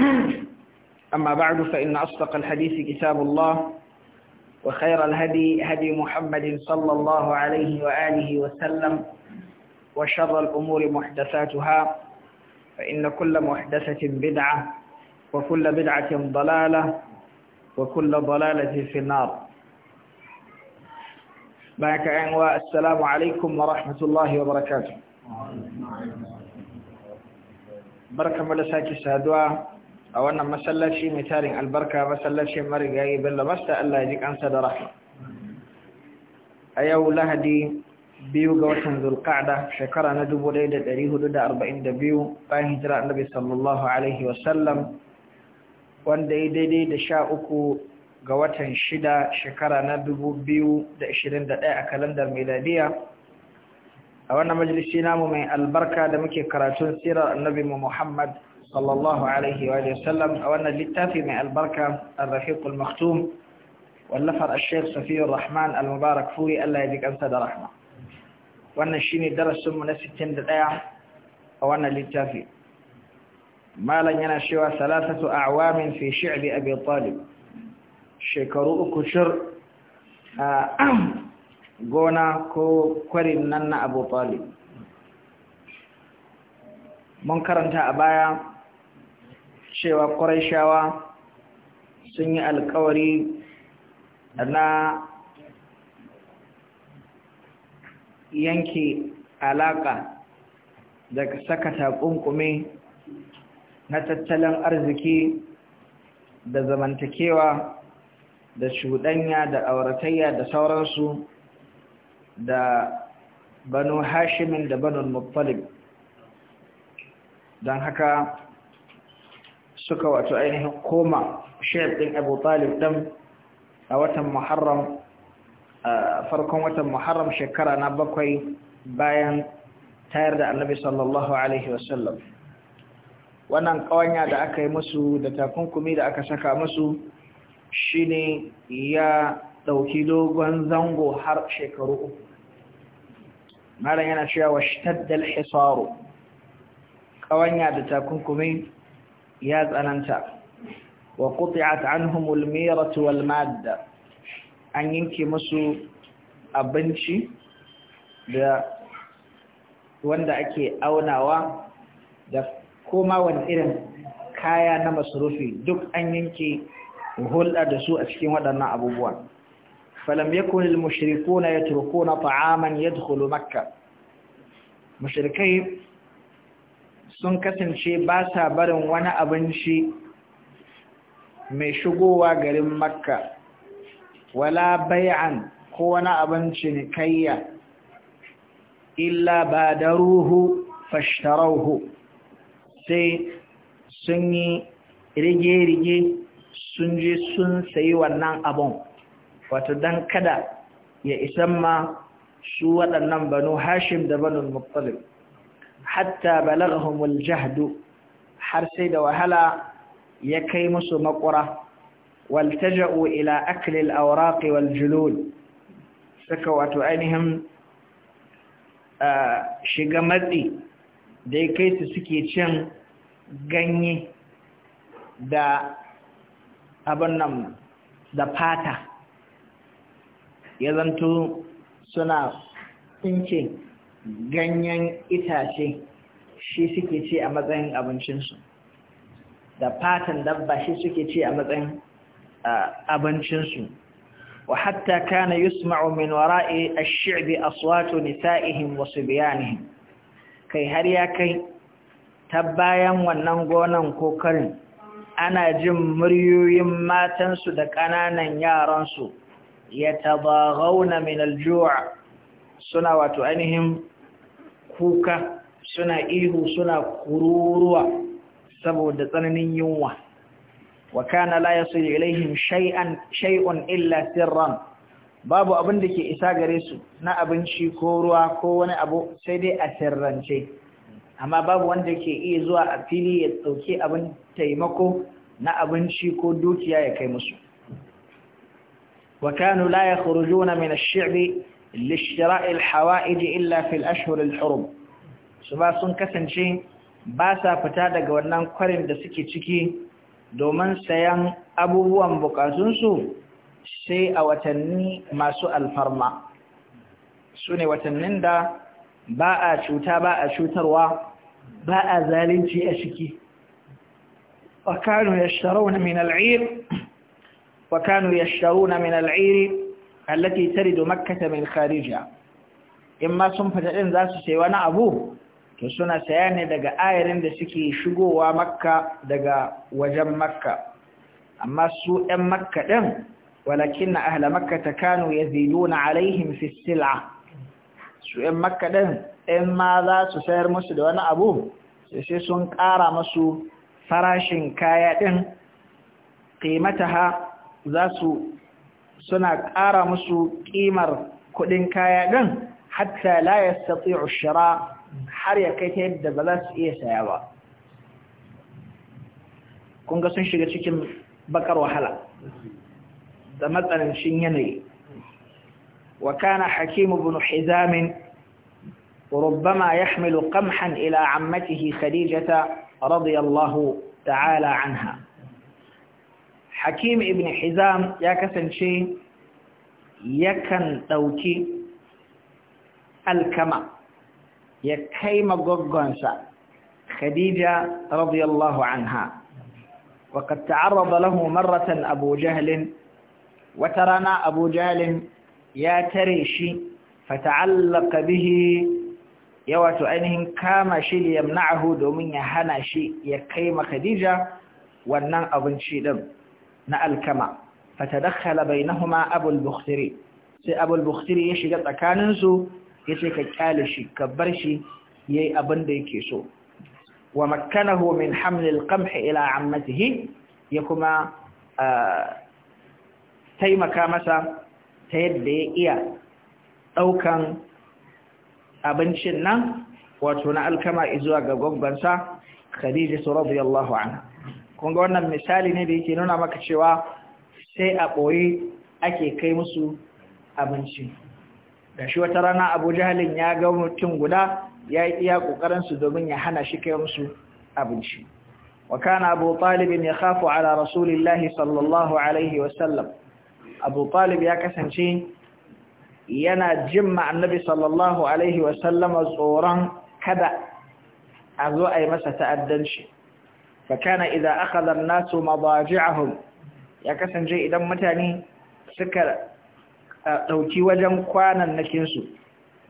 أما بعد فإن أصدق الحديث كتاب الله وخير الهدي هدي محمد صلى الله عليه وآله وسلم وشر الأمور محدثاتها فإن كل محدثة بدعة وكل بدعة ضلالة وكل ضلالة في النار معك أنواء السلام عليكم ورحمة الله وبركاته بركة ملساك السادوة a wannan masallaci mai tarin albarka masallacin marigayi bello masta Allah ji kansa da rahama a yau lahadi biyu ga watan zulqa'da shekara na 1442 bayan hijira annabi sallallahu alaihi wasallam wanda ya daidai da sha uku ga watan shida shekara na 2021 a kalandar miladiya a wannan majalisi namu mai albarka da muke karatun sirar annabi Muhammad sallallahu alaihi wa sallam a wannan littafi mai albarka ar-rafiqul maktum wallafar ash-shaykh safiyur rahman al-mubarak furi Allah da rahma wannan shine darasin mu na da a wannan littafi malam yana cewa salatatu a'wamin fi shi'bi abi talib shekaru uku shir gona ko kwarin nan na abu talib mun karanta a baya cewa ƙwarashawa sun yi alkawari na yanke alaƙa da saka takunkume na tattalin arziki da zamantakewa da cuɗanya da auratayya da sauransu da banu hashimin da banu muttalib don haka suka wato ainihin koma shayar ɗin abu talib ɗin a watan muharram a farkon watan muharram shekara na bakwai bayan tayar da annabi sallallahu alaihi wasallam wannan ƙawanya da aka yi musu da takunkumi da aka saka musu shine ya ɗauki dogon zango har shekaru uku malam yana cewa wa shtaddal hisaru ƙawanya da takunkumi ya tsananta wa quti'at anhum miratu wal madda an yanke musu abinci da wanda ake aunawa da koma wani irin kaya na masarufi duk an yanke hulɗa da su a cikin waɗannan abubuwan falam yakun al-mushrikuuna yatrukuna ta'aman yadkhulu makkah mushrikai sun kasance ba sa barin wani abinci mai shigowa garin makka wala bai'an ko wani abinci nikayya illa ba da ruhu fashtarauhu sai sun yi rige-rige sun je sun sayi wannan abin wato don kada ya isan ma su waɗannan banu hashim da banu muttalib hatta balaghumul jahdu har sai da wahala ya kai musu makura waltaja'u ila akli al-awraq wal julul wato ainihin shiga matsi da ya kai su suke cin ganye da abin nan da fata ya zanto suna tsince ganyen itace shi suke ci a matsayin abincinsu da fatan dabba shi suke ci a matsayin abincinsu wa hatta kana yusma'u min wara'i ash-shi'bi aswatu nisa'ihim wa subyanihim kai har ya kai ta bayan wannan gonan ko karin ana jin muryoyin matansu da ƙananan yaransu ya tabaghawna min al-ju' suna wato ainihin kuka suna ihu suna kururuwa saboda tsananin yunwa wa kana la yasul ilaihim shay'an shay'un illa sirran babu abin da ke isa gare su na abinci ko ruwa ko wani abu sai dai a sirrance amma babu wanda ke iya zuwa a fili ya dauke abin taimako na abinci ko dukiya ya kai musu wa kanu la yakhrujuna min ash-shi'bi لشراء الحوائج إلا في الأشهر الحرم سبا سن كسنشي باسا فتادا قولنا قرن دا سكي تكي دومن سيان أبوه بقاتنسو sai a watanni masu alfarma su watannin da ba a cuta ba a cutarwa ba a zalunci a shiki wa kanu yashtaruna min allati taridu makkata min kharija in ma sun fita din za su wani abu to suna saya ne daga ayarin da suke shigowa makka daga wajen makka amma su ɗan makka ɗin walakin na ahla makka ta kanu ya ziluna alaihim fistila su ɗan makka ɗin ɗan ma za su sayar musu da wani abu sai sun ƙara musu farashin kaya ɗin ƙimata ha za su suna ƙara musu ƙimar kuɗin kaya ɗin hatta la ya sati ushara har ya kai ta yadda ba za su iya saya ba kunga sun shiga cikin bakar wahala da matsanancin yanayi wa kana hakimu bin hizamin ربما يحمل قمحا إلى عمته خديجة رضي الله تعالى عنها hakim ibn hizam ya kasance yakan ɗauki alkama ya kai magoggonsa khadija radiyallahu anha وقد تعرض له مرة أبو جهل وترانا أبو جهل يا تريشي فتعلق به يوات أنهم كاما شي ليمنعه دومين هنا شي يقيم خديجة ونن أبن شي دم na alkama fatadakhala bainahuma abul bukhtiri sai abul bukhtiri ya shiga tsakanin su yace ka kyale shi ka bar shi yayi abin da yake so wa makkanahu min haml alqamh ila ammatihi ya kuma taimaka masa ta yadda ya iya daukan abincin nan wato na alkama izuwa ga gwagwansa khadijatu radiyallahu anha Kunga wannan misali ne da yake nuna maka cewa sai a ɓoye ake kai musu abinci da shi wata rana abu jihalin ya ga mutum guda ya yi iya ƙoƙarinsu domin ya hana shi kai musu abinci wakana abu ya يخاف على ala Rasulillahi sallallahu alaihi عليه وسلم Abu طالب ya kasance yana jin annabi sallallahu alaihi wasallam tsoron kada a zo a yi masa ta'addanci fakana idza aka zanna su madaji'ahum ya kasance idan mutane suka dauki eh, wajen kwanan nakinsu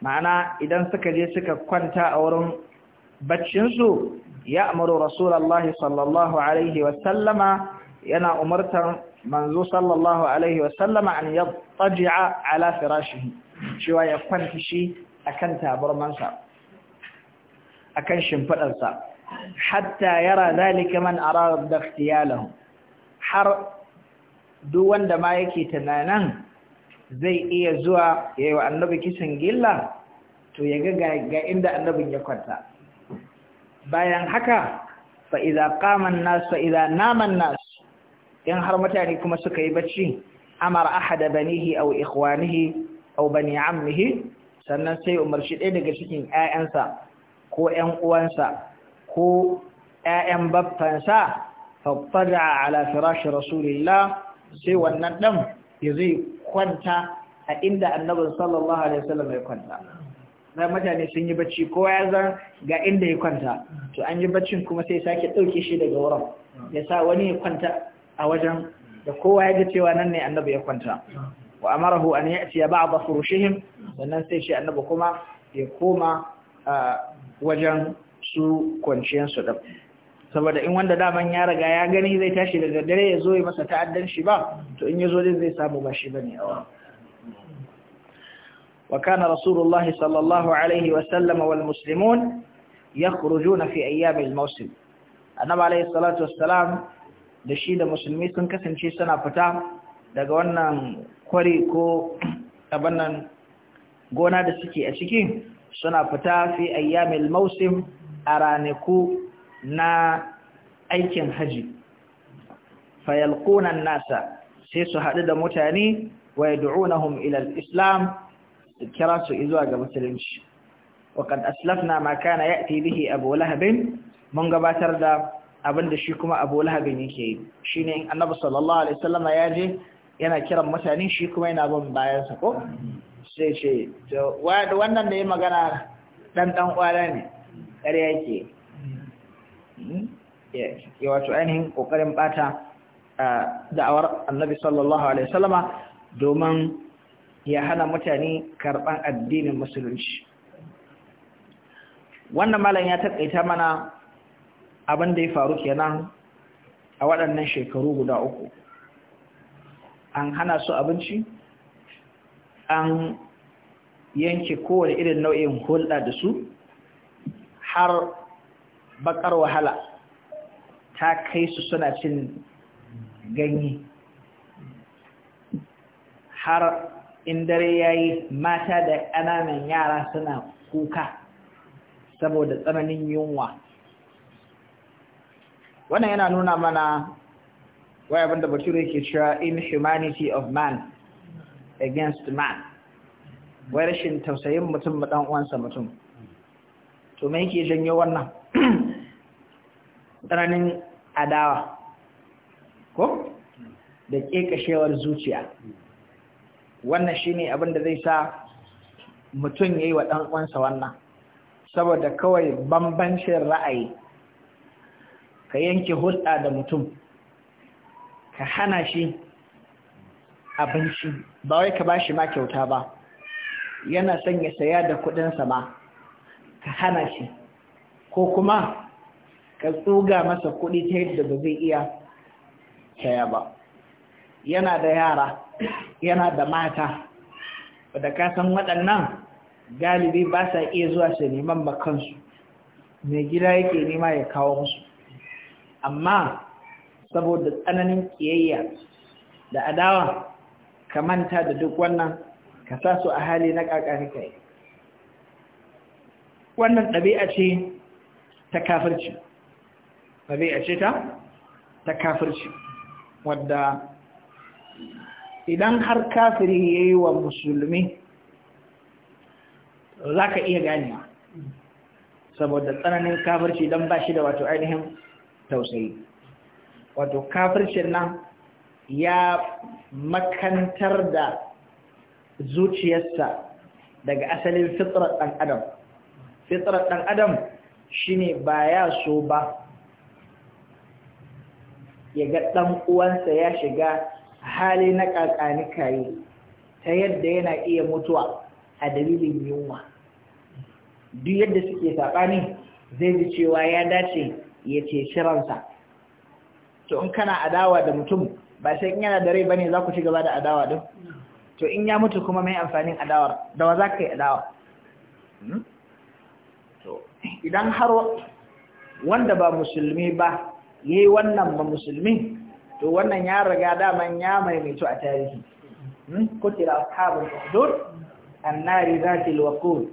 ma'ana idan suka je suka kwanta a wurin baccin su ya amuru rasulullahi sallallahu alaihi wa yana umartar manzo sallallahu alaihi wa sallama an yattaji'a ala firashihi cewa ya kwanta shi akan tabarmansa akan shimfidarsa hatta yara zalika man arada da ikhtiyalahu har duk wanda ma yake tunanan zai iya zuwa yayi wa annabi kisan gilla to ya ga ga inda annabin ya kwanta bayan haka fa kaman qama an-nas nasu nas in har mutane kuma suka yi bacci aha ahada banihi au ikwanihi, au bani ammihi sannan sai umarci ɗaya daga cikin 'ya'yansa ko 'yan uwansa ko ‘ya'yan babbansa faffada ala firashi rasulillah sai wannan ɗan ya zai kwanta a inda annabin sallallahu alaihi wasallam ya kwanta na mutane sun yi bacci kowa ya zan ga inda ya kwanta to an yi baccin kuma sai sake ɗauke shi daga wurin ya sa wani ya kwanta a wajen da kowa ya ga cewa nan ne annabi ya kwanta wa amarahu an ya'ti ya ba'd furushihim sannan sai shi annabi kuma ya koma wajen su kwanciyarsu da saboda in wanda daman ya riga ya gani zai tashi daga dare ya zo ya masa ta'addan shi ba to in ya zo din zai samu ba shi ba ne awa wa kana rasulullah sallallahu alaihi wa sallama wal muslimun yakhrujuna fi ayyam al mawsim annabi alaihi salatu wassalam da shi da musulmi sun kasance suna fita daga wannan kwari ko abannan gona da suke a ciki suna fita fi ayyamil mawsim a ranaku na aikin haji fayalkunan nasa sai su haɗu da mutane wa ya du'una hum ilal islam da kira su izuwa ga musulunci waƙan aslaf na maka na yaƙi bihi abu lahabin mun gabatar da abin da shi kuma abu lahabin yake yi shi ne annabu sallallahu alaihi sallam ya je yana kiran mutane shi kuma yana bin bayan ko sai ce wannan da ya magana ɗan ɗan ne ƙarya yake hmm? ya wato ainihin ƙoƙarin ɓata da'awar annabi sallallahu alaihi wasallama domin ya hana mutane karɓan addinin musulunci wannan malam ya taƙaita mana abin da ya faru kenan a waɗannan shekaru guda uku an hana su abinci an yanke kowane irin nau'in hulɗa da su har bakar wahala ta kai su suna cin ganye har in dare ya yi mata da ƙananan yara suna kuka saboda tsananin yunwa wannan yana nuna mana waya abinda bature ke cewa inhumanity of man against man wai rashin tausayin mutum ma dan uwansa mutum to me yake janyo wannan tsananin adawa ko da ƙeƙashewar zuciya wannan shine abin da zai sa mutum yayi wa dan uwansa wannan saboda kawai bambancin ra'ayi ka yanke hulɗa da mutum ka hana shi abinci ba wai ka ba shi ma kyauta ba yana son ya saya da kuɗinsa ma ka hana shi ko kuma ka tsuga masa kuɗi ta yadda ba zai iya saya ba yana da yara yana da mata wadda san waɗannan galibi ba sa iya zuwa su neman ba mai gida yake nema ya kawo musu amma saboda tsananin kiyayya da adawa ka manta da duk wannan ka sa su a hali na ƙaƙa kai wannan ɗabi'a ce ta kafirci ɗabi'a ce ta ta kafirci wadda idan har kafiri ya yi wa musulmi za ka iya ganewa saboda tsananin kafirci don ba shi da wato ainihin tausayi wato kafircin nan ya makantar da zuciyarsa daga asalin fitrar ɗan adam fitrar ɗan adam shine ba ya so ba ya ga ɗan uwansa ya shiga hali na ƙaƙani kayi ta yadda yana iya mutuwa a dalilin yunwa duk yadda suke saɓani zai ji cewa ya dace ya ce shiransa to in kana adawa da mutum ba sai in yana da rai bane za ku ci gaba da adawa din to in ya mutu kuma mai amfanin adawar da wa za ka yi adawa hmm? idan har wanda ba musulmi ba yi wannan ba musulmi to wannan ya riga daman ya mai maimaito a tarihi kutila ashabul uhdud annari zatil waqud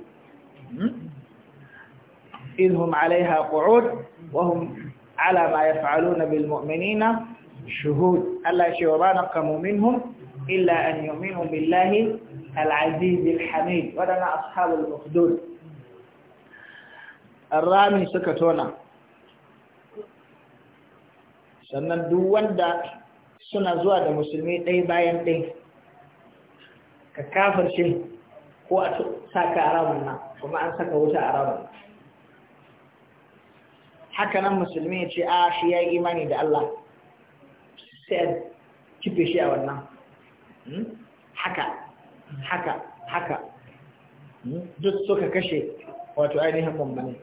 idhum alaiha qu'ud wa hum ala ma yaf'aluna bil mu'minina shuhud alla shawbana kamu minhum illa an yu'minu billahi al-aziz al-hamid wa dana ashabul uhdud rami suka tona sannan duk wanda suna zuwa da musulmi ɗai bayan ɗai ka kafar shi ko a saka a ramin na kuma an saka wuta a ramin haka nan musulmi ya ce a ah, shi ya yi imani da Allah sai a kife shi a wannan hmm? haka haka haka hmm? duk suka kashe wato ainihin bambanin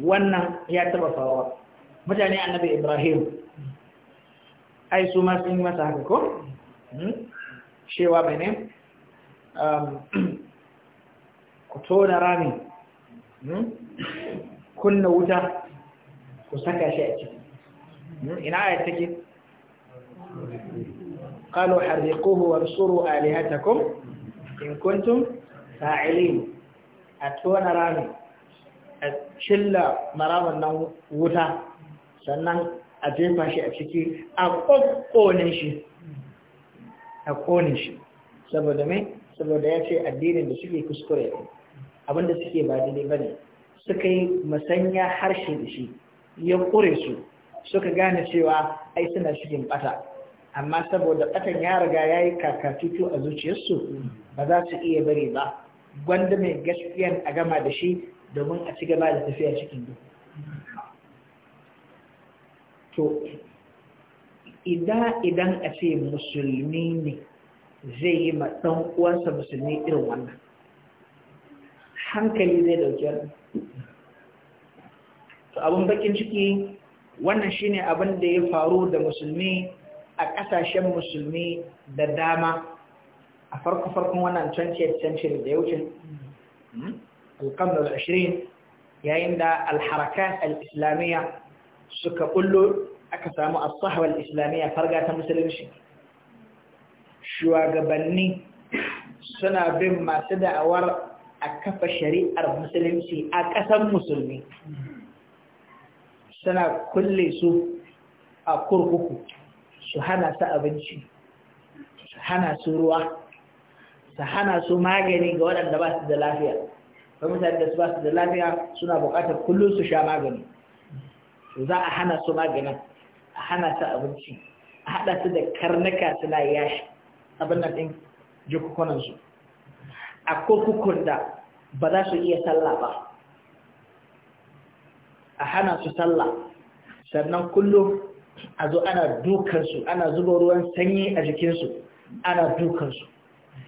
wannan ya taba faruwa mutane annabi ibrahim ai su ma sun yi masa haka ko shewa hmm? mai ne um, ku tona rami hmm? kunna wuta ku saka shi a ciki hmm? ina ayat take قالوا حرقوه وارسلوا آلهتكم إن كنتم فاعلين أتون رامي killa marawan nan wuta sannan a jefa shi a ciki a ƙoƙonin shi a ƙonin shi saboda mai saboda ya ce addinin da suke kuskure abinda suke ba daidai ba ne suka yi masanya harshe da shi ya ƙure su suka gane cewa ai suna cikin bata amma saboda ɓatan ya riga ya yi kakatutu a zuciyarsu ba za su iya bari ba gwanda mai gaskiyan a gama da shi domin a ci gaba da tafiya cikin duhu to idan idan a ce musulmi ne zai yi ma ɗan uwansa musulmi irin wannan hankali zai dauki to abin bakin ciki wannan shine abin da ya faru da musulmi a kasashen musulmi da dama a farko-farkon wannan 20th century da ya wuce hmm? القرن العشرين yayin da alharakat al-islamiyya suka kullo aka samu a sahwa islamiyya farga ta musulunci shugabanni suna bin masu da'awar a kafa shari'ar musulunci a ƙasar musulmi suna kulle su a kurkuku su hana su abinci su hana su ruwa su hana su magani ga waɗanda basu da lafiya kai mutane da su ba su da lafiya suna buƙatar kullum su sha magani za a hana su maganin a hana su abinci a haɗa su da karnuka suna yashi abin nan ɗin su a kurkukun da ba za su iya sallah ba a hana su sallah sannan kullum a zo ana dukansu ana zuba ruwan sanyi a jikinsu ana dukansu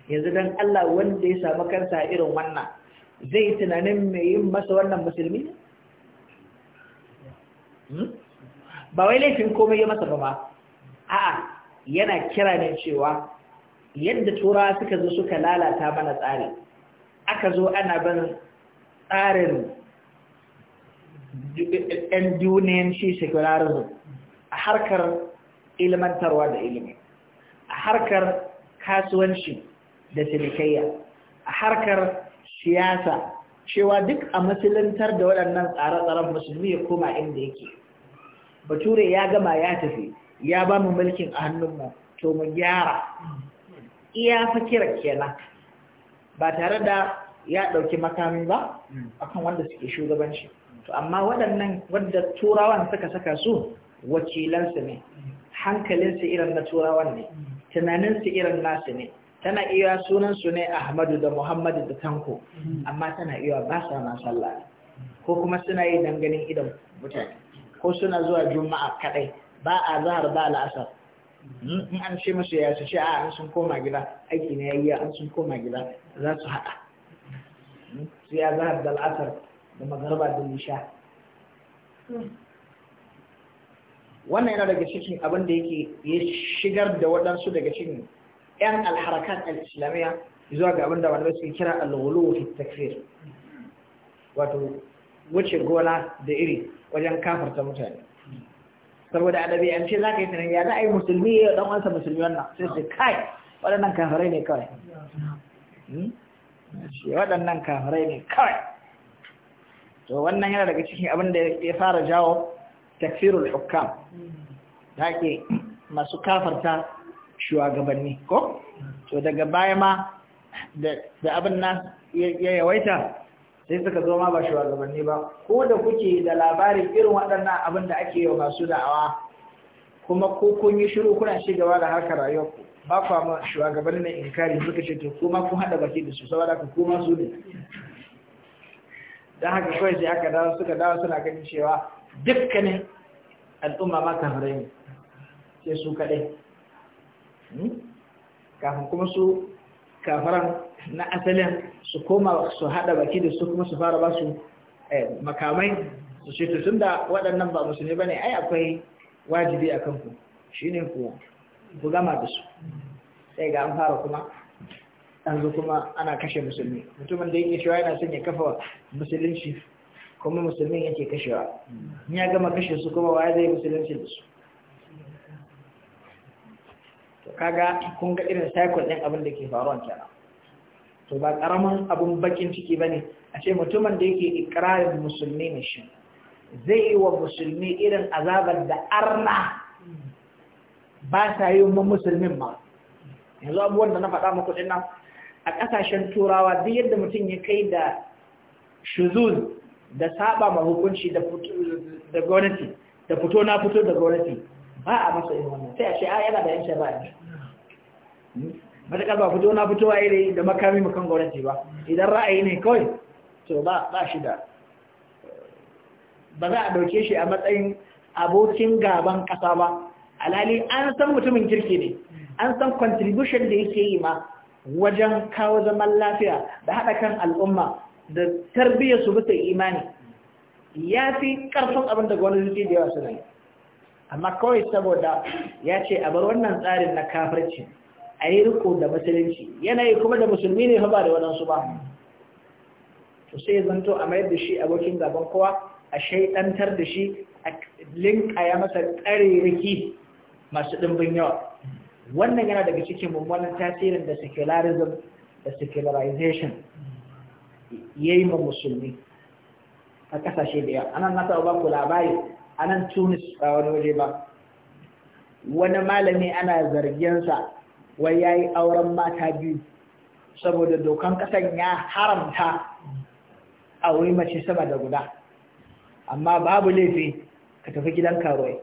yanzu don Allah wanda ya samu kansa irin wannan zai tunanin mai yin masa wannan musulmi hmm? ba wai laifin komai ya masa ba ba a'a yana kira ne cewa yadda turawa suka zo suka lalata mana tsari aka zo ana ban tsarin ɗan duniyanci secularism a harkar ilmantarwa da ilimi a harkar kasuwanci da silikayya a harkar siyasa cewa duk a musuluntar da waɗannan tsare-tsaren musulmi ya koma inda yake bature ya gama ya tafi ya ba mu mulkin a hannunmu to mu gyara iya fakira kenan ba tare da ya ɗauki makami ba akan wanda suke shugabanci to amma waɗannan wadda turawan suka saka su wakilansu ne hankalinsu irin na turawan ne tunaninsu irin nasu ne tana iya sunan su ne Ahmadu da Muhammadu da Tanko amma tana iya ba sa ma sallah ko kuma suna yi danganin idan mutane ko suna zuwa juma'a kadai ba a zahar ba al'asar hmm, in an ce musu ya su ce a an sun koma gida aiki ne yayi an sun koma gida za su hada hmm, su ya zahar da al'asar da magharba da nisha wannan yana daga cikin abin da yake ya shigar da waɗansu daga cikin 'yan alharakan al-islamiyya zuwa ga abinda wani suke kira al-ghulu fi takfir wato wuce gona da iri wajen kafarta mutane saboda a ce za ka yi tunan ya za a yi musulmi ya ɗan wansa musulmi wannan sai su kai waɗannan kafirai ne kawai hmm? waɗannan kafirai ne kawai to wannan yana daga cikin abin da ya fara jawo takfirul hukam da ke masu kafarta shugabanni ko to daga baya ma da abin nan ya yawaita sai suka zo ma ba shugabanni ba ko da kuke da labarin irin waɗannan abin da ake yi wa masu da'awa kuma ko kun yi shiru kuna ci gaba da harkar ku ba ku ma shugabanni na inkari suka ce to kuma kun haɗa baki da su saboda ku kuma su ne don haka kawai sai aka dawo suka dawo suna ganin cewa dukkanin al'umma ma kafirai ne sai su kaɗai Hmm? kafin kuma su kafaran na asalin su koma su hada baki da su kuma su fara ba su eh, makamai su ce tun da waɗannan ba musulmi ba ne ai akwai wajibi a kanku shi ne ku gama da su sai ga an fara kuma zo kuma ana kashe musulmi mutumin da yake cewa yana son ya kafa musulunci kuma musulmin yake kashewa in ya gama kashe su kuma wa zai musulunci da su kaga kun ga irin cycle ɗin abin da ke faruwa kenan to ba ƙaramin abun bakin ciki bane a ce mutumin da yake ikrarin musulmi ne shi zai yi wa musulmi irin azabar da arna ba sa yi wa musulmin ma yanzu abubuwan da na faɗa muku din nan a ƙasashen turawa duk yadda mutum ya kai da shuzuz da saba ma hukunci da gwamnati da fito na fito da gwamnati ba a masa irin wannan sai a ce a yana da yan ba ne matakar ba fito na fitowa iri da makami gwamnati ba idan ra'ayi ne kawai to ba shi da ba za a dauke shi a matsayin abokin gaban kasa ba alali an san mutumin kirki ne an san contribution da yake yi ma wajen kawo zaman lafiya da haɗa kan al'umma da tarbiyyar su bisa imani ya fi ƙarfin abin da gwamnati da yawa suna amma kawai saboda ya ce a bar wannan tsarin na kafirci a yi riko da musulunci yanayi kuma da musulmi ne fa ba da waɗansu ba to sai zanto a mayar da shi abokin gaban kowa a shaidantar da shi a linkaya masa ƙaririki masu ɗimbin yawa wannan yana daga cikin mummunan tasirin da secularism da secularization ya yi ma musulmi a ƙasashe da yawa anan na ba ku labari a nan tunis ba wani waje ba wani malami ana zargensa wai ya yi auren mata biyu saboda dokan kasan ya haramta a wuri mace sama da guda amma babu laifi ka tafi gidan karuwai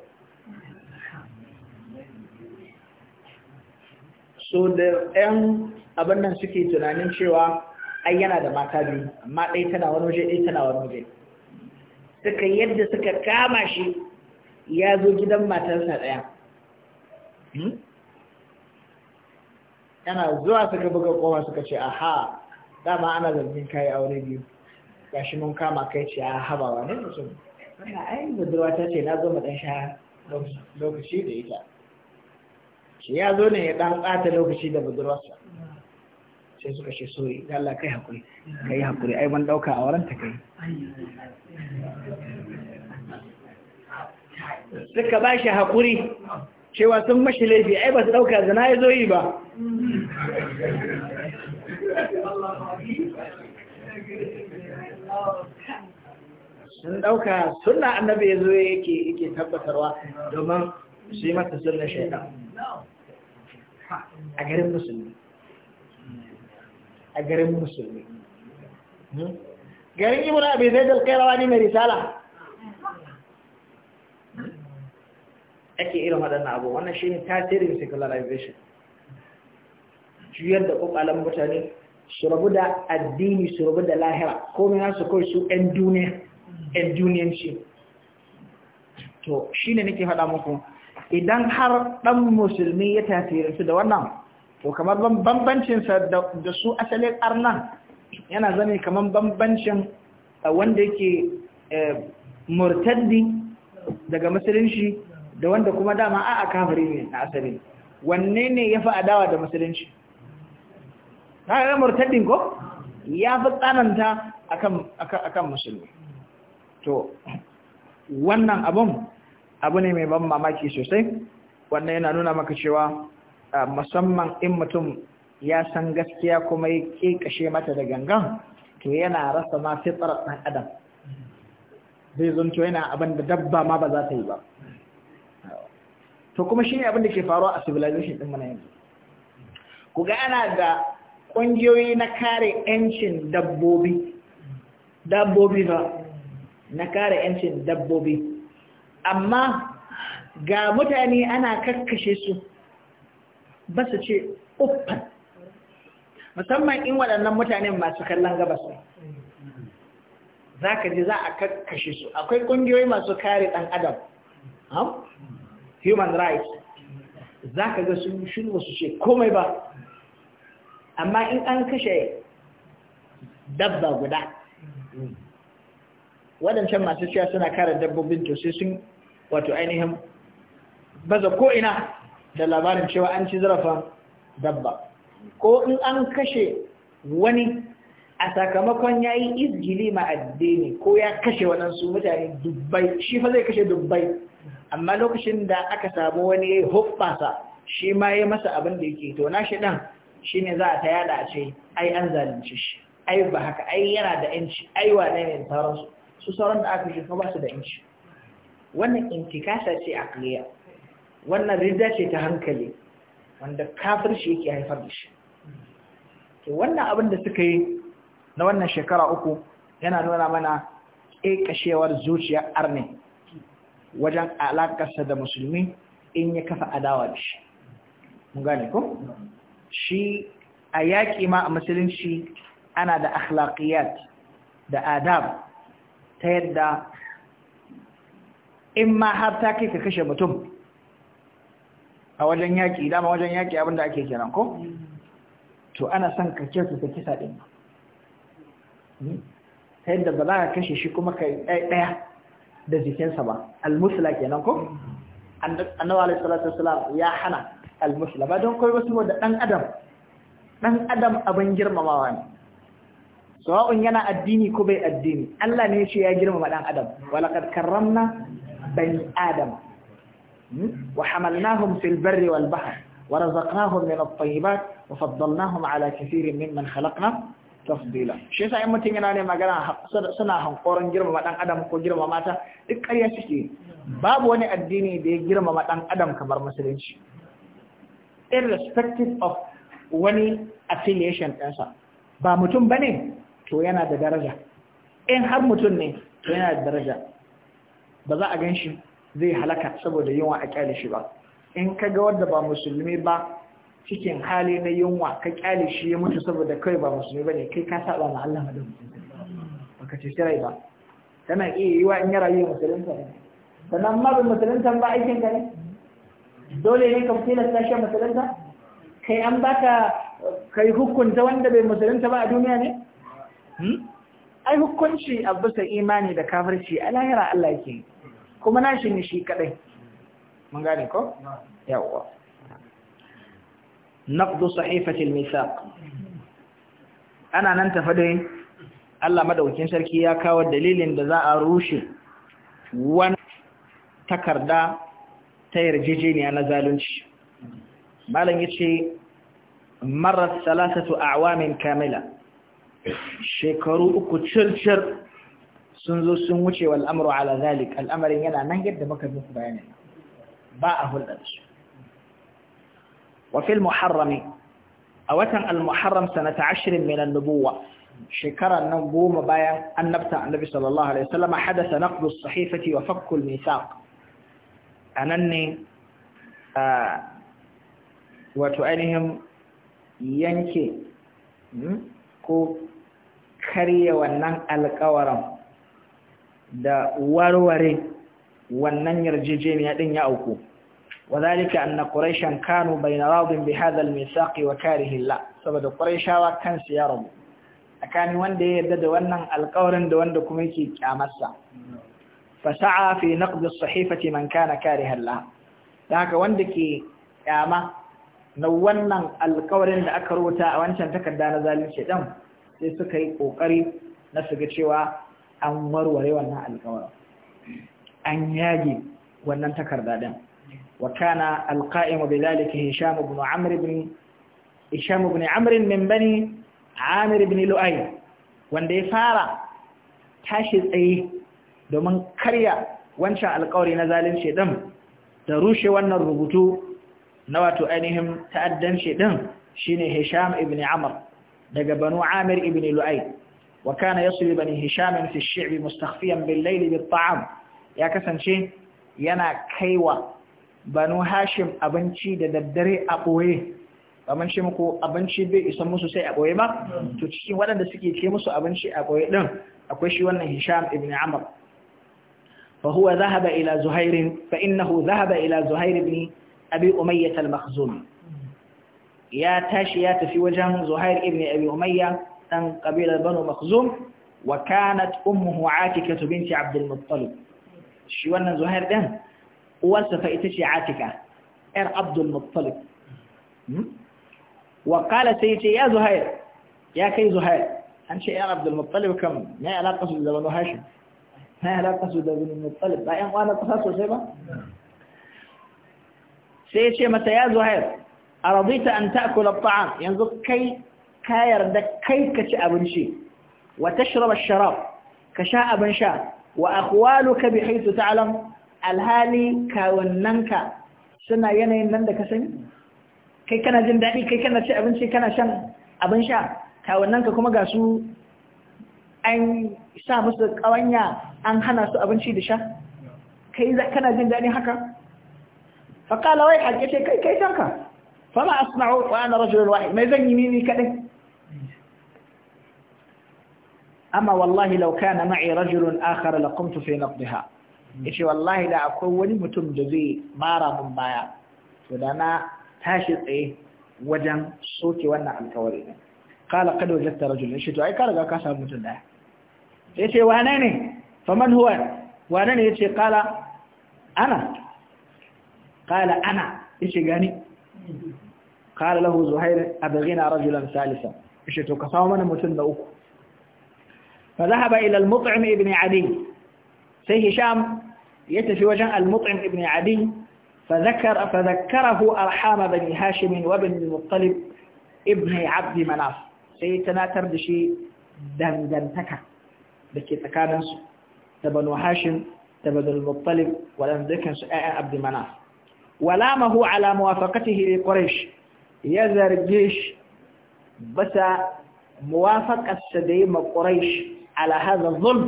so da 'yan abin nan suke tunanin cewa ai yana da mata biyu amma ɗaya tana wani waje ɗaya tana wani waje suka yadda suka kama shi ya zo gidan matarsa ɗaya hmm? yana zuwa suka buga kowa suka ce aha dama ana zargin kayi aure biyu shi mun kama kai ce a haba wani mutum Ainihin ai budurwa ta ce na zo mu ɗan sha lokaci da ita shi ya zo ne ya ɗan ɓata lokaci da budurwarsa sai suka ce so ya Allah kai hakuri kai hakuri ai ban dauka a waranta kai suka ba shi hakuri cewa sun mashi laifi ai ba su dauka zina ya zo yi ba sun dauka sunna annabi ya zo yake yake tabbatarwa domin su yi masa sunna shaidan a garin musulmi a garin musulmi hmm? garin ibn abi zai al ne mai risala hmm? ake irin waɗannan abu wannan shi ne tasirin secularization juyar da ƙwaƙwalan mutane su rabu da addini su rabu da lahira komai nasu kawai su ɗan duniya duniyanci to shi ne nake faɗa muku idan har ɗan musulmi ya tasirinsu da wannan to kamar bambancinsa da su asalin arnan yana zane kamar bambancin wanda yake e, murtaddi daga musulunci da wanda kuma dama a a kafiri ne na asali wanne ne ya fi adawa da musulunci ta ga murtaddin ko ya fi tsananta a kan musulmi to wannan abun abu ne mai ban mamaki sosai wannan yana nuna maka cewa musamman in mutum ya san gaskiya kuma ya kashe mata da gangan to yana rasa ma fitar ɗan adam zai zonto yana abin da dabba ma ba za ta yi ba to kuma shi ne abin da ke faruwa a civilization ɗin mana yanzu ku ga ana da ƙungiyoyi na kare 'yancin dabbobi dabbobi ba na kare 'yancin dabbobi amma ga mutane ana kakkashe su ba su ce uffan musamman in waɗannan mutane masu kallon gabas ne za ka ji za a kakkashe su akwai ƙungiyoyi masu kare ɗan adam human rights za ka ga sun shiru su ce komai ba amma in an kashe dabba guda waɗancan masu cewa suna kare dabbobin to sai sun wato ainihin baza ko ina. da labarin cewa an ci zarafin dabba ko in an kashe wani a sakamakon ya yi izgili ma addini ko ya kashe waɗansu mutane dubbai shi fa zai kashe dubbai amma lokacin da aka samu wani ya yi hoɓɓasa shi ma ya masa abin da yake to na shi ɗan shi ne za a ta yada a ce ai an zalunci shi ai ba haka ai yana da yanci ai wa ne sauransu su sauran da aka shi ba su da yanci wannan intikasa ce a kiliya wannan rida ce ta hankali wanda shi yake haifar da shi to wannan abin da suka yi na wannan shekara uku yana nuna mana ƙeƙashewar zuciyar arne wajen alaƙarsa da musulmi in ya kafa adawa da shi mun gane ko shi a yaƙi ma a musulunci ana da akhlaqiyat da adab ta yadda in ma har ta kai ka kashe mutum a wajen yaƙi dama wajen yaƙi abinda ake kiran ko to ana son ka kyautu ka kisa ɗin hmm? ta yadda ba za ka kashe shi kuma ka yi ɗaya da jikinsa ba almusula kenan ko annabi alaihi salatu wasalam ya hana almusula ba don koyi wasu da ɗan adam ɗan adam abin girmamawa ne sawa'un yana addini ko bai addini Allah ne ya ce ya girmama ɗan adam walaqad karramna bani adam wa hamalnahum fil barri wal bahr wa razaqnahum min at-tayyibat wa faddalnahum ala kathirin mimman khalaqna tafdila shi yasa in mutum yana ne magana suna hankoron girmama dan adam ko girmama mata duk ƙarya suke babu wani addini da ya girmama dan adam kamar musulunci irrespective of wani affiliation ɗansa ba mutum bane to yana da daraja in har mutum ne to yana da daraja ba za a ganshi. zai halaka saboda yunwa a kyale shi ba in ka ga wanda ba musulmi ba cikin hali na yunwa ka kyale shi ya mutu saboda kai ba musulmi bane kai ka saba ma Allah da baka ce shirai ba tana iya yiwa in ya rayu musulunta ne sannan ma ba musulunta ba aikin ka ne dole ne ka fi tilasta shi musulunta kai an baka kai hukunta wanda bai musulunta ba a duniya ne hmm? ai hukunci a bisa imani da kafirci a lahira Allah yake kuma nashi ne shi kadai mun gane ko yawa naqdu sahifati al-mithaq ana nan tafa dai Allah Madaukin sarki ya kawo dalilin da za a rushe wani takarda ta yarjejeniya na zalunci malam yace marar salasatu a'wamin kamila shekaru uku circir sun zo sun wuce wa amru ala zalik al'amarin yana nan yadda muka muku bayanin ba a hulɗa da muharrami a watan al-muharram sanata ashirin min an-nubuwwa nan goma bayan annabta annabi sallallahu alaihi wasallam hadatha naqdu as-sahifati wa fakkul al anan ne wato ainihin yanke hmm, ko karya wannan alƙawaran da warware wannan yarjejeniya din ya auku وذلك أن قريشا كانوا بين راض بهذا wa وكاره الله saboda qurayshawa kansu ya rabu akani wanda ya yarda da wannan alƙawarin da wanda kuma yake kyamarsa fasa'a fi naqd as-sahifati man kana kariha Allah da haka wanda ke kyama na wannan alƙawarin da aka rubuta a wancan takarda na zalunci dan sai suka yi kokari na su cewa an warware wannan alƙawara, an yage wannan takarda din wa kana alqa'im bi zalika hisham ibn amr ibn hisham ibn amr min bani amir ibn lu'ay wanda ya fara tashi tsaye domin karya wancan alƙawari na zalunci din da rushe wannan rubutu na wato ainihin ta'addanci din shine hisham ibn amr daga banu amir ibn lu'ay وكان يصل بني هشام في الشعب مستخفيا بالليل بالطعام يا كسنشي ينا كيوا بنو هاشم أبنشي ددري أبويه abinci muku abinci bai isa musu sai a ɓoye ba to cikin waɗanda suke ke musu abinci a ɓoye ɗin akwai shi wannan hisham ibn amr fa huwa zahaba ila zuhair fa innahu zahaba ila zuhair ibn abi umayyah al-makhzumi ya tashi ya tafi wajen zuhair ibn abi umayyah أن قبيلة بنو مخزوم وكانت أمه عاتكة بنت عبد المطلب شوانا زهير ده وصف إتشي عاتكة إر عبد المطلب وقال سيتي يا زهير يا كي زهير أنت يا عبد المطلب كم ما لا قصد بنو هاشم ما لا قصد بنو المطلب بأي أنه أنا سيبا سيتي متى يا زهير أرضيت أن تأكل الطعام ينظر كي كاير دك kai ka ci abinci wa tashrab ash-sharab ka sha abin sha wa akhwaluka bi haythu ta'lam alhali kawannanka suna yanayin nan da ka sani kai kana jin daɗi kai kana ci abinci kana shan abin sha kawannanka kuma ga su an sa musu kawanya an hana su abinci da sha kai kana jin daɗi haka faƙala wai haƙƙe ce kai kai sarka fama asma'u wa ana rajulun wahid mai zan yi mini kadai أما والله لو كان معي رجل آخر لقمت في نقضها إشي والله لا أكون متمدذي ما رأى من بايا فلما تاشط إيه وجن صوتي وانا عن كوارينا قال قد وجدت رجل إشي تو أي كارغا كاسا متنا إشي وانيني فمن هو وانيني إشي قال أنا قال أنا إشي قاني قال له زهير أبغينا رجلا ثالثا إشي تو كفاو من متنا أكو فذهب إلى المطعم ابن عدي سي هشام يتفي وجه المطعم ابن عدي فذكر فذكره أرحام بني هاشم وبن المطلب ابن عبد مناف سي تناتر دشي دندنتك بكي تكادنس تبنو هاشم تبن المطلب ولم ذكر سؤال آه، آه، عبد مناف ولامه على موافقته لقريش يزر الجيش بس موافق السديم قريش على هذا الظلم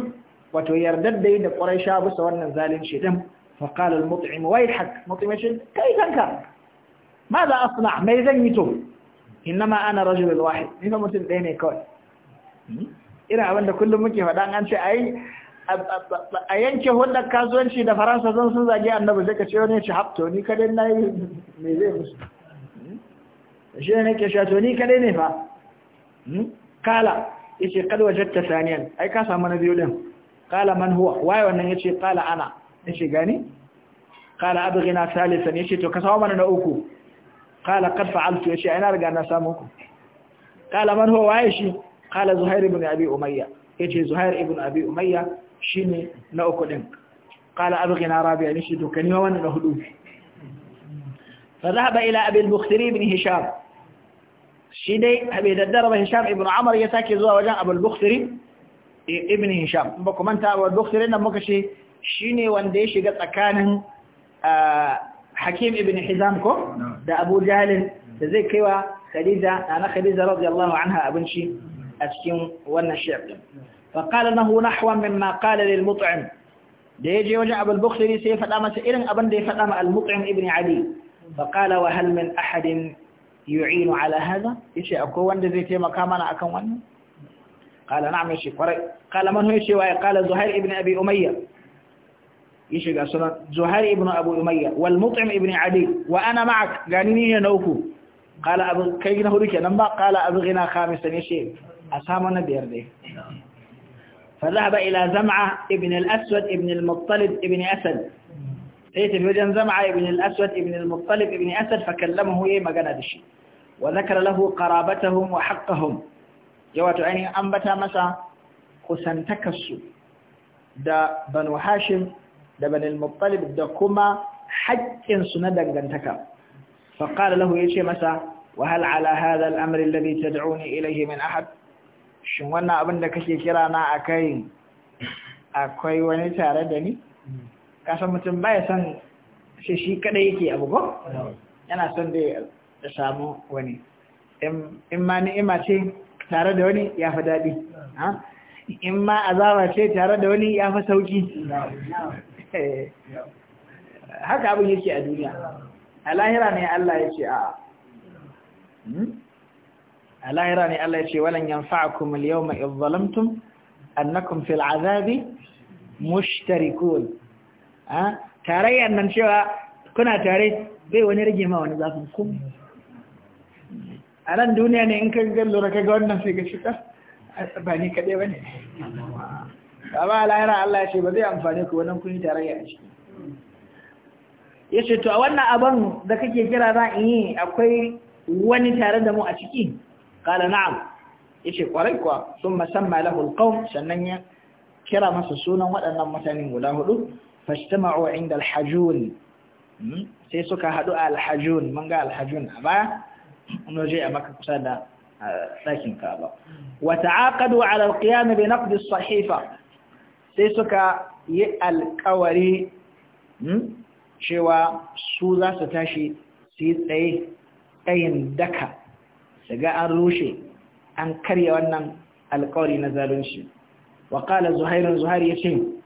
وتيردد يد قريش ابو سوان الظالم شدم فقال المطعم ويحك مطعم كيف انك ماذا اصنع ما يزنيتم انما انا رجل واحد انما مثل ديني كوي ارى عند كل مكي فدان انت اي a yanke hulɗa kasuwanci da faransa zan sun zage annabi zai ka ce wani ci hapto ni kadai na yi me zai musu shi yace kad wajadta saniyan ai ka samu na biyu din qala man huwa waye wannan yace qala ana yace gani qala abghina thalithan yace to ka samu mana na uku qala qad fa'altu yace ai na riga na samu ku qala man huwa waye shi qala zuhair ibn abi umayya yace zuhair ibn abi umayya shine na uku din qala abghina rabi'a yace to kaniwa wannan na hudu فذهب إلى أبي المختري بن Hisham. shi dai bai daddara ba hisham ibn amr ya sake zuwa wajen abul bukhari ibn hisham ba ku manta abul bukhari nan muka ce shine wanda ya shiga tsakanin hakim ibn hizam ko da abu da zai kaiwa khadija ana khadija radiyallahu anha abinci a cikin wannan shi'ar fa qala nahu nahwan mimma qala lil mut'im da yaje wajen abul bukhari sai ya faɗa masa irin abin da ya faɗa ma al mut'im ibn ali fa qala wa hal min ahadin يعين على هذا يشي أكو وند زي تيما كامانا أكو وند قال نعم يشي قرأ قال من هو يشي قال زهير ابن أبي أمية يشي قال سنة زهير ابن أبي أمية والمطعم ابن عدي وأنا معك قانيني نوكو قال أبو كي جنه ريكي نمبا قال أبو غنى خامسا يشي أسامنا دير دي فذهب إلى زمعة ابن الأسود ابن المطلب ابن أسد sai tafi wajen zama ibn al-aswad ibn al-muttalib ibn asad fa kallamahu yayi magana da shi wa zakara lahu qarabatahum wa haqqahum ya wato ainihin masa kusantakarsu da banu hashim da banu al-muttalib da kuma haƙƙinsu na dangantaka fa lahu ya ce masa wa hal ala hadha al-amr alladhi tad'uni ahad shin wannan abin da kake kira na akai akwai wani tare da ni kasan mutum baya son shi shi kadai yake abu ba yana son da ya samu wani in ma ni'ima ce tare da wani ya fi daɗi in ma azaba ce tare da wani ya fi sauki eh, haka abin yake a duniya a lahira ne Allah ya ce a hmm? a lahira ne Allah ya ce walan yanfa'akum al-yawma idh zalamtum annakum fil azabi mushtarikun a tarayyar nan cewa kuna tare bai wani rage ma wani zafin kuma a nan duniya ne in kan gan lura ga wannan sai ga shika ba ni kaɗai ba ne amma alahira Allah ya ce ba zai amfani ku wannan kun tarayya a ciki ya ce to a wannan abin da kake kira za in yi akwai wani tare da mu a ciki kala na'am ya ce kwarai kuwa sun musamman lahul sannan ya kira masa sunan waɗannan mutanen guda hudu فاجتمعوا عند الحجون سيسوكا هدوء الحجون من قال الحجون أبا نجي أباك كسادة لكن كابا وتعاقدوا على القيام بنقد الصحيفة سيسوكا يقل كوري شوى سوزا ستاشي سيسي قين دكا سجاء الروشي أنكري وأن القوري نزالوشي وقال زهير زهير يسين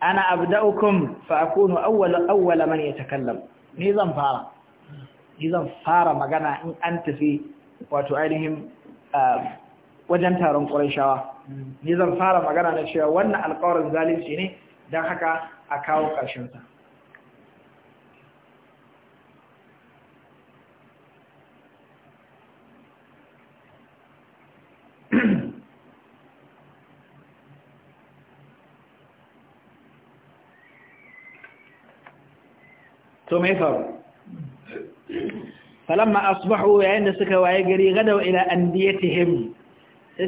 ana abda'ukum fa akunu awwala awwala man yatakallam ni zan fara ni zan fara magana in an tafi wato ainihin ah, wajen taron Qurayshawa ni zan fara magana na cewa wannan alƙawarin zalunci ne dan haka a kawo ƙarshen sa ثم يفر فلما أصبحوا يعين سكا ويجري غدوا إلى أنديتهم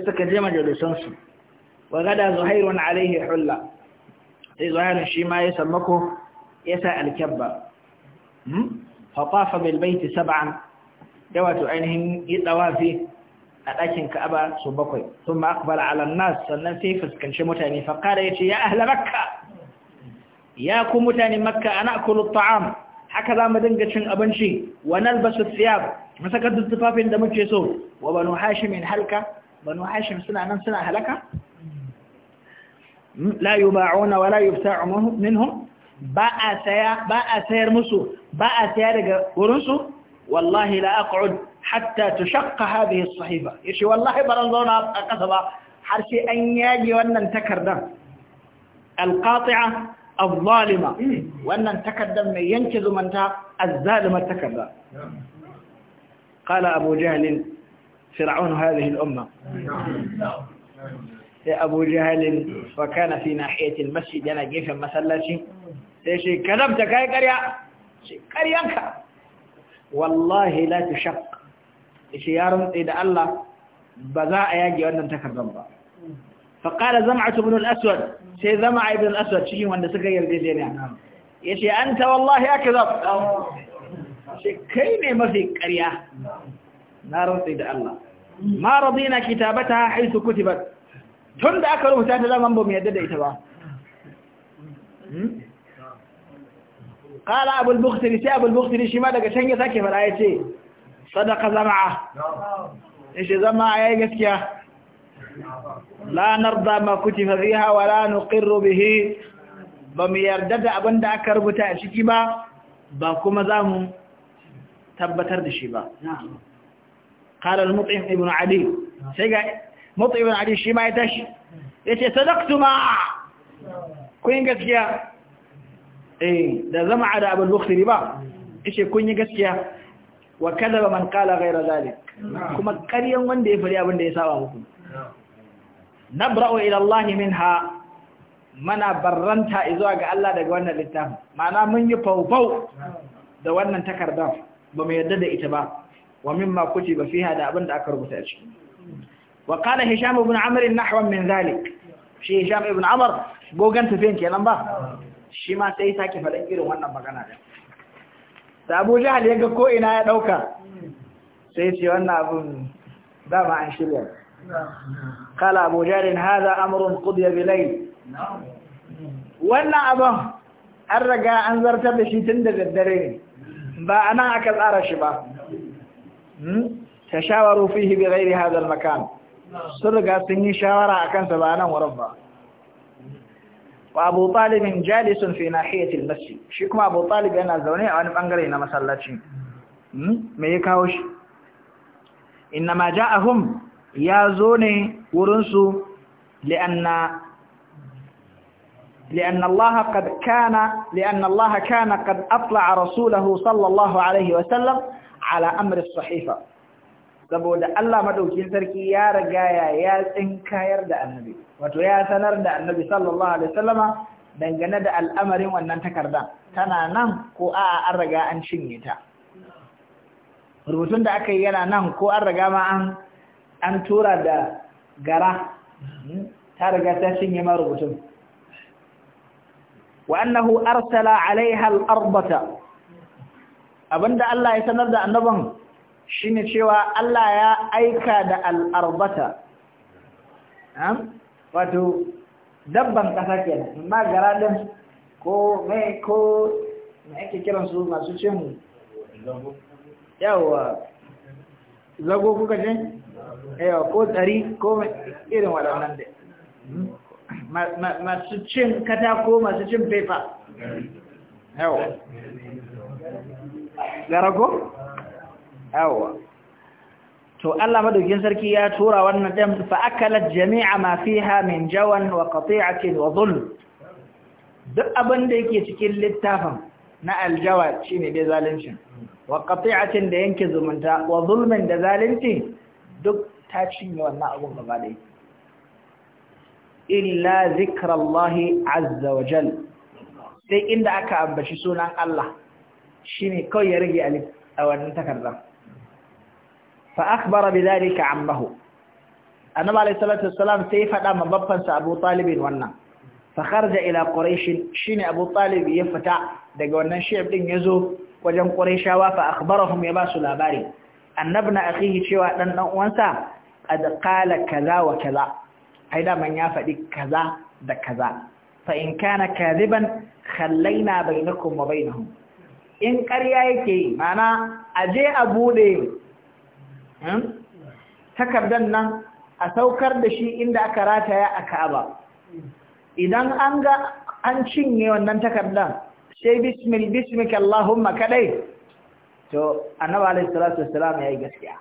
سكا جمع جلسانس وغدا زهير عليه حلة إيه زهير الشيما يسمكه يساء كبا فطاف بالبيت سبعا جوات عينهم يتوا فيه لكن كأبا سبقوا ثم أقبل على الناس سنن فسكن شمتاني فقال يا أهل مكة يا كمتاني مكة أنا أكل الطعام haka za mu dinga cin abinci wa nalbasu thiyab mu saka tufafin da muke so wa banu hashimin halka banu hashim suna nan suna halaka la yuba'una wa la yufta'u minhum ba a saya ba a sayar musu ba a saya daga wurin su wallahi la aq'ud hatta tushaqqa hadhihi as-sahifa yashi wallahi baran zauna a kasa ba har sai an yage wannan takardar al-qati'a al wannan takaddar mai yanke zumanta al-zalima takarda qala abu jahl fir'aun hadhihi al-umma sai abu jahl fa kana fi nahiyati al-masjid yana gefen masallaci sai shi kadabta kai ƙarya shi ƙaryanka wallahi la tushaq shi ya rantsi da Allah ba za a yage wannan takardar ba فقال زمعة بن الأسود شيء زمعة بن الأسود شيء وانا سكير يا نعم. شيء أنت والله أكذب شيء كين ما في قرية نار سيد الله ما رضينا كتابتها حيث كتبت تند أكلوا تاتي لا من بوم يدد إتبا قال أبو البختري سي أبو البختري شي ما دقى شنجة ساكي فالآية صدق زمعة إيش نعم. زمعة يا جسكيا la narda ma kutifa fiha wa la nuqirru bihi bamu yarda da abinda aka rubuta a ciki ba ba kuma zamu tabbatar da shi ba qala al-mut'im ibn ali sai ga mut'im ibn ali shi ma ya tashi yace sadaqtu ma kun gaskiya eh da zama da abin bukhtiri ba yace kun yi gaskiya wa kadaba man qala ghayra zalik kuma ƙaryan wanda ya fari abinda da ya saba muku nabra'u ila Allah minha mana barranta zuwa ga Allah daga wannan littafin mana mun yi faufau da wannan takarda, ba mu yadda da ita ba wa mimma kutiba fiha da abin da aka rubuta shi wa qala hisham ibn amr nahwan min zalik shi hisham ibn amr gogan tafiyan kenan ba shi ma sai sake faɗin irin wannan magana da da Abu Jahl ya ga ko ina ya dauka sai ce wannan abun dama an shirya kala abu jarin haza amurin kudiya bilai wannan abin an raga an zartar da shi tun da daddare ne ba a nan aka tsara shi ba ta shawaru fihi bi gairi hazal makan sun riga sun yi shawara a kansa ba nan wurin ba wa abu talibin shi kuma abu yana zaune a wani bangare na masallaci me ya kawo shi inna ma ja'ahum ya zo ne wurinsu li'anna لأن الله قد كان لأن الله كان قد أطلع رسوله صلى الله عليه وسلم على أمر الصحيفة saboda Allah madaukin sarki ya rigaya ya tsinkayar da annabi wato ya sanar da annabi sallallahu alaihi wasallama dangane da al'amarin wannan takardan tana nan ko a'a an riga an cinye ta rubutun da aka yi yana nan ko an riga ma an an tura da gara hmm, ta riga ta cinye ma rubutun wa annahu arsala alaiha al abinda Allah ya sanar da annaban shine cewa Allah ya aika da al-arbata wato dabban kasa kenan ma gara din ko mai ko me ake kiran su masu cin yawa zago kuka je yawa ko tsari ko irin waɗannan da masu cin katako masu cin fefa yawa garago yawa to Allah madaukin sarki ya tura wannan dam fa akalat jami'a ma fiha min jawan wa qati'atin wa dhulm duk abin da yake cikin littafin na aljawa shine dai zalincin wa qati'atin da yanke zumunta wa zulmin da zalunci duk ta cinye wannan abun gaba da illa zikrallahi azza wa jal sai inda aka ambaci sunan Allah shine kawai ya rage a wannan takardar fa akhbara bidhalika ammahu annabi alayhi salatu wassalam sai fada ma babbansa Abu Talib wannan fa kharaja ila quraish shine Abu Talib ya fita daga wannan shiyab din yazo wajen quraishawa fa akhbarahum ya basu labari annabna akhihi cewa dan dan uwansa qad qala kaza wa kaza ai da man ya faɗi kaza da kaza fa in kana kadiban khallaina bainakum wa bainahum in ƙarya yake mana aje a bude hmm, takardan nan a saukar da shi inda aka rataya a Ka'aba idan an ga an cinye wannan takardan sai bismil bismika Allahumma kadai to annabi alaihi salatu wassalam yayi gaskiya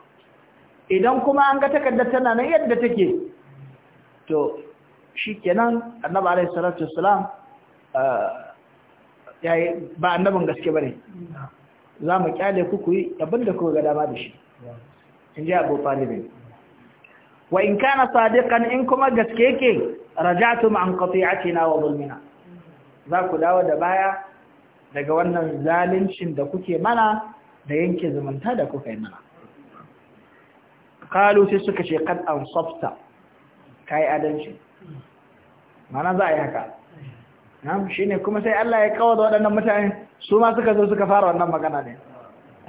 idan kuma an ga takarda tana nan yadda take to shikenan annabi alaihi salatu wassalam uh, yayi ba annabin gaske bane za mu kyale ku ku abinda kuka ga dama da shi in ji abu ne. wa in kana sadiqan in kuma gaske yake rajatu an qati'atina wa zulmina za ku dawo da baya daga wannan zalincin da kuke mana da yanke zumunta da kuka yi mana kalu sai suka ce kad an softa ka yi adalci mana za a yi haka shi ne kuma sai Allah ya kawo da waɗannan mutane su ma suka zo suka fara wannan magana ne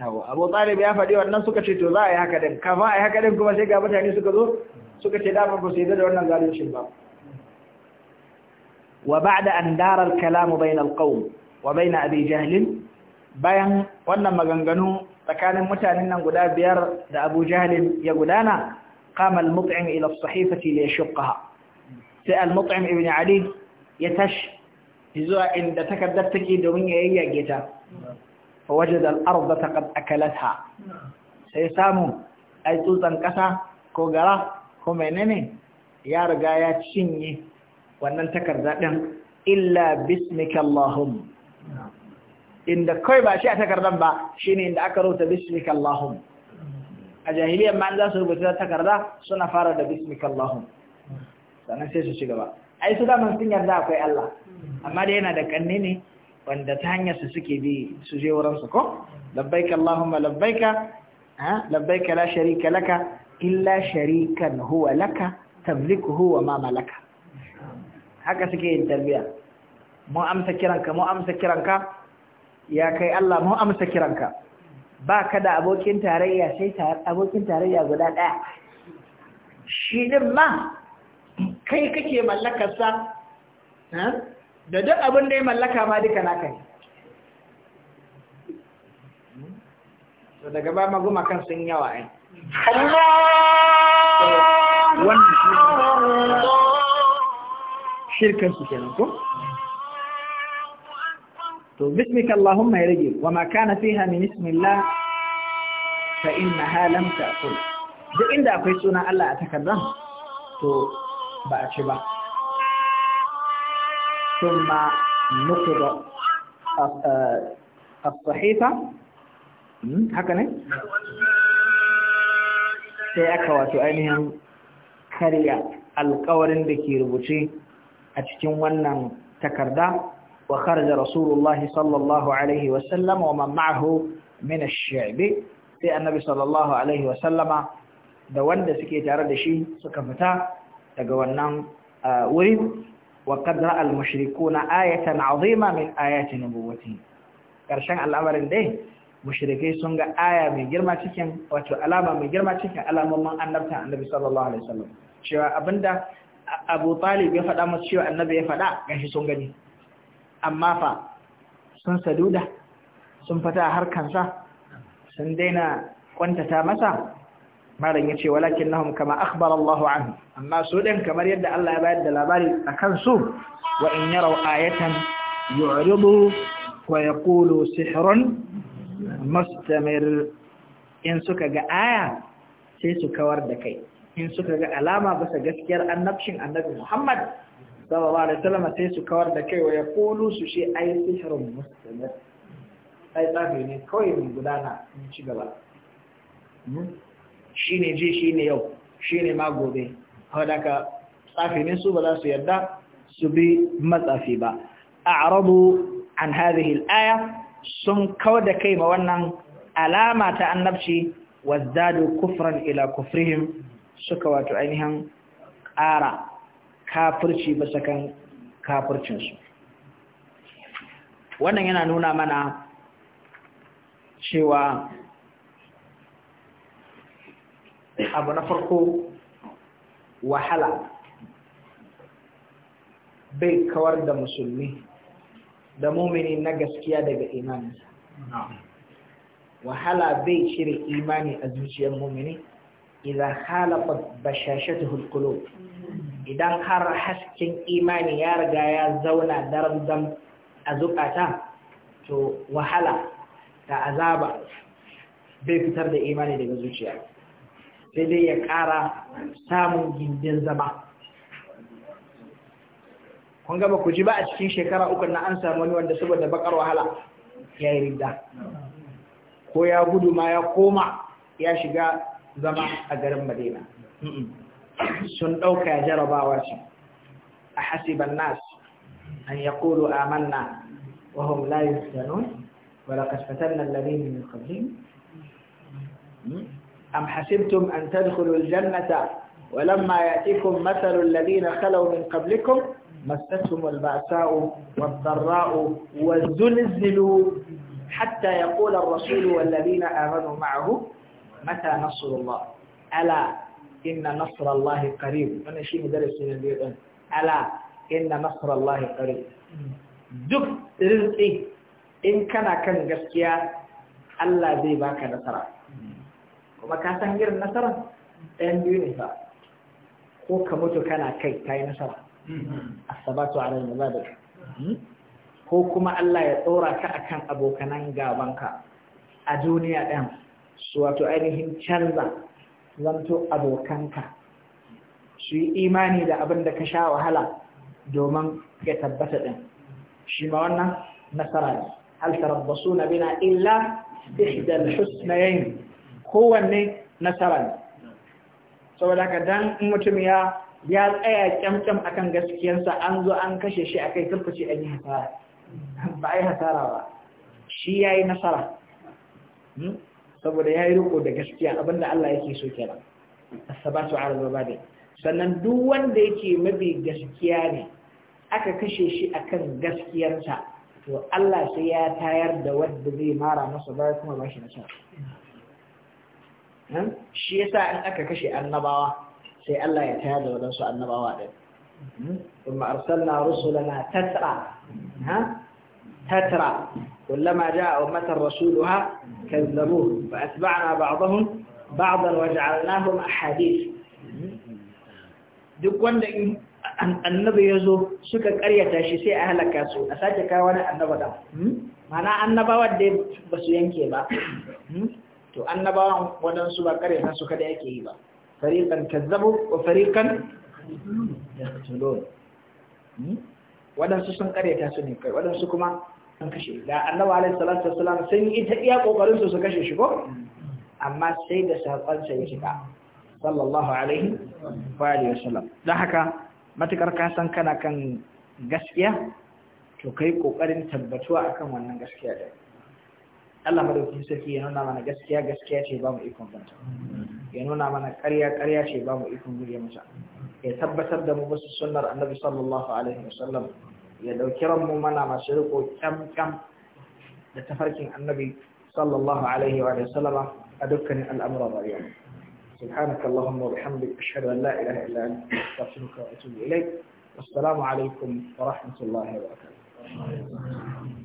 abu talib ya faɗi wannan suka ce to za a yi haka din kama a yi haka din kuma sai ga mutane suka zo suka ce dama ba su yi da wannan zalunci ba wa ba'da an dara al-kalamu bayna al-qawm wa bayna abi jahlin bayan wannan maganganu tsakanin mutanen nan guda biyar da Abu Jahl ya gudana qama al-mut'im ila as-sahifati li yashqaha sai al-mut'im ibn Ali ya tash zuwa inda takardar take domin ya yayyage ta fa wajada al-ardha qad akalatha sai samu ai tsutsan kasa ko gara ko menene ya riga ya cinye wannan takarda din illa bismika inda kawai ba shi a takardar ba shi ne inda aka rubuta bismika a jahiliyar ma za su rubuta takarda suna fara da bismika sannan sai su ci gaba A ai su daman sun yarda akwai Allah amma dai yana da kanne ne wanda ta hanyar su suke bi su je wurin su ko labbaika Allahumma labbaika labbaika la sharika laka illa sharikan huwa laka tamlikuhu huwa ma malaka haka suke yin tarbiyya. mu amsa kiranka mu amsa kiranka ya kai Allah mu amsa kiranka ba ka da abokin tarayya sai abokin tarayya guda ɗaya shi ɗin ma kai kake mallakarsa da duk abin da ya mallaka ma duka naka ne daga ba maguma kan sun yawa ai eh, wannan su kenan ko to bismika Allahumma ya rage wa ma kana fiha min ismillah fa innaha lam ta'kul duk inda akwai sunan Allah a takardan to ba a ci ba thumma nuqida as-sahifa hmm, haka ne sai aka wato ainihin karya alkawarin da ke rubuce a cikin wannan takarda وخرج رسول الله صلى الله عليه وسلم ومن معه من الشعب sai annabi sallallahu alaihi wasallama da wanda suke tare da shi suka fita daga wannan wuri wa qadra al mushrikuna ayatan azima min ayati nubuwwati karshen al'amarin dai mushrikai sun ga aya mai girma cikin wato alama mai girma cikin alamomin annabta annabi sallallahu alaihi wasallam cewa abinda Abu Talib ya faɗa musu cewa annabi ya faɗa gashi sun gani amma fa sun saduda sun fata harkansa sun daina kwantata masa malam yace walakin nahum kama akhbara Allah wa'ani. amma su din kamar yadda Allah ya bayar da labari a kansu, wa in yaraw ayatan yu'ridu wa kulu, sihrun mustamir in suka ga aya sai su kawar da kai in suka ga alama bisa gaskiyar annabshin annabi Muhammad sallallahu alaihi wasallam sai su kawar da kai wa yaqulu su shi ai sihrun mustamir ai tsafi ne kawai mun gudana mun ci gaba hmm? shine ji shine yau shine ma gobe haka tsafi ne su ba za su yarda su bi matsafi ba a'radu an hadhihi al-aya sun kawar da kai ma wannan alama ta annabci wazdadu kufran ila kufrihim suka wato ainihin ƙara kafirci ba sakan kafircinsu wannan yana nuna mana cewa abu na farko wahala bai kawar da musulmi da mumini na gaskiya daga imaninsa wahala bai cire imani a zuciyar mumini idan halafa bashashatuhul qulub idan har hasken imani ya riga ya zauna daram a zukata to wahala da azaba bai fitar da imani daga zuciya sai dai ya kara samun gindin zama kun gaba ku ji ba a cikin shekara uku na an samu wani wanda saboda bakar wahala ya yi rida ko ya gudu ma ya koma ya shiga zama a garin madina sun ɗauka jarabawa ce a hasiban nas an ya yaqulu amanna wa hum la yuftanun wa laqad fatanna alladhina min qablihim am hasibtum an tadkhulu tadkhulul jannata ولما يأتكم مثل الذين خلوا من قبلكم مستهم البأساء والضراء وزلزلوا hatta yaqula ar والذين walladhina amanu ma'ahu mata nasrullah ala inna nasrallahi qarib wannan shine darasi na biyu din ala inna nasrallahi qarib duk rizqi in kana kan gaskiya Allah zai baka nasara kuma ka san irin nasara ɗayan biyu ne fa ko ka mutu kana kai ta yi nasara asabatu ala al ko kuma Allah ya tsora ka akan abokanan gabanka a duniya ɗin su wato ainihin canza zanto abokanka su yi imani da abin da ka sha wahala domin ya tabbata ɗin shi ma wannan nasara ne hal tarabbasu na bina illa ihdal husnayayn kowanne nasara ne saboda ka dan mutum ya ya tsaya kyamkyam akan gaskiyarsa an zo an kashe shi akai turkuci an yi hasara ba a yi hasara ba shi ya yi nasara hmm? saboda ya yi riko da gaskiya abinda Allah yake so kenan asabatu ala babade sannan duk wanda yake mabi gaskiya ne aka kashe shi akan gaskiyarsa to Allah sai ya tayar da wanda zai mara masa baya kuma ba shi nasara hmm? shi yasa in aka kashe annabawa sai Allah ya tayar da wadansu annabawa din ثم أرسلنا رسلنا تسعى ها تترى كلما جاء أمة رسولها كذبوه فأتبعنا بعضهم بعضا وجعلناهم أحاديث duk wanda in annabi ya zo suka karyata shi sai a halaka su a sake kawo wani annaba da mana annabawan da ba su yanke ba to annabawan waɗansu ba karyata su kada yake yi ba fariƙan ko wa fariƙan yaqtulun waɗansu sun karyata su ne kai waɗansu kuma sun kashe da annabi alaihi salatu wasalam sun yi ta iya kokarin su su kashe shi ko amma sai da sakon ya shiga sallallahu alaihi wa alihi wasallam dan haka matukar ka san kana kan gaskiya to kai kokarin tabbatuwa akan wannan gaskiya da Allah madaukakin sarki ya nuna mana gaskiya gaskiya ce ba mu ikon ganta ya nuna mana ƙarya ƙarya ce ba mu ikon gure mata ya tabbatar da mu wasu sunnar annabi sallallahu alaihi wasallam ya dauki ranmu mana masu riko kyam kyam da tafarkin annabi sallallahu alaihi wa sallam a dukkanin al'amura bariya سبحانك اللهم وبحمدك أشهد أن لا إله إلا أنت أستغفرك وأتوب إليك والسلام عليكم ورحمة الله وبركاته